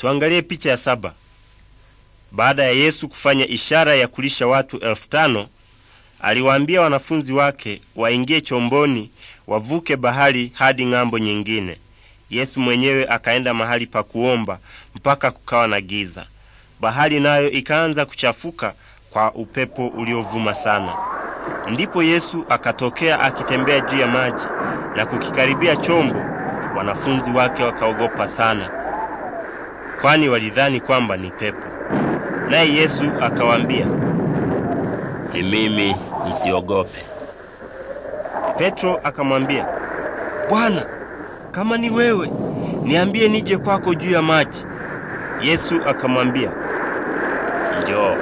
Tuangalie picha ya saba. Baada ya Yesu kufanya ishara ya kulisha watu elfu tano aliwaambia wanafunzi wake waingie chomboni wavuke bahari hadi ng'ambo nyingine. Yesu mwenyewe akaenda mahali pa kuomba mpaka kukawa na giza. Bahari nayo ikaanza kuchafuka kwa upepo uliovuma sana. Ndipo Yesu akatokea akitembea juu ya maji na kukikaribia chombo. Wanafunzi wake wakaogopa sana kwani walidhani kwamba ni pepo. Naye Yesu akawaambia, ni mimi, msiogope. Petro akamwambia, Bwana, kama ni wewe, niambie nije kwako juu ya maji. Yesu akamwambia, njoo.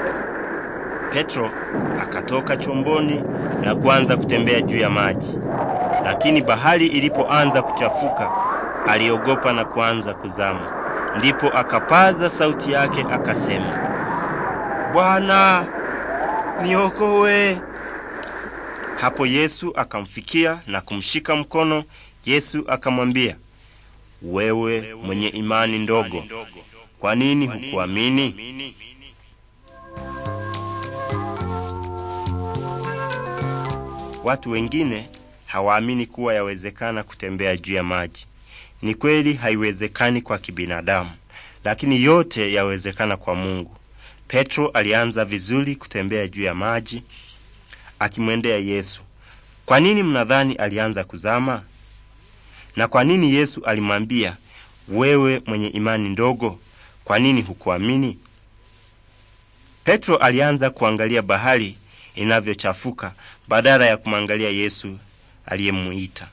Petro akatoka chomboni na kuanza kutembea juu ya maji, lakini bahari ilipoanza kuchafuka, aliogopa na kuanza kuzama. Ndipo akapaza sauti yake akasema, Bwana niokoe. Hapo Yesu akamfikia na kumshika mkono. Yesu akamwambia, wewe mwenye imani ndogo, kwa nini hukuamini? Watu wengine hawaamini kuwa yawezekana kutembea juu ya maji. Ni kweli haiwezekani kwa kibinadamu, lakini yote yawezekana kwa Mungu. Petro alianza vizuri kutembea juu ya maji akimwendea Yesu. Kwa nini mnadhani alianza kuzama? Na kwa nini Yesu alimwambia, wewe mwenye imani ndogo, kwa nini hukuamini? Petro alianza kuangalia bahari inavyochafuka badala ya kumwangalia Yesu aliyemuita.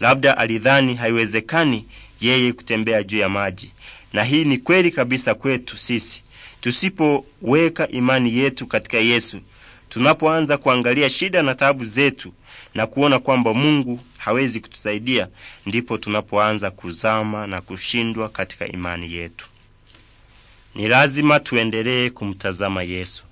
Labda alidhani haiwezekani yeye kutembea juu ya maji, na hii ni kweli kabisa kwetu sisi. Tusipoweka imani yetu katika Yesu, tunapoanza kuangalia shida na taabu zetu na kuona kwamba Mungu hawezi kutusaidia, ndipo tunapoanza kuzama na kushindwa katika imani yetu. Ni lazima tuendelee kumtazama Yesu.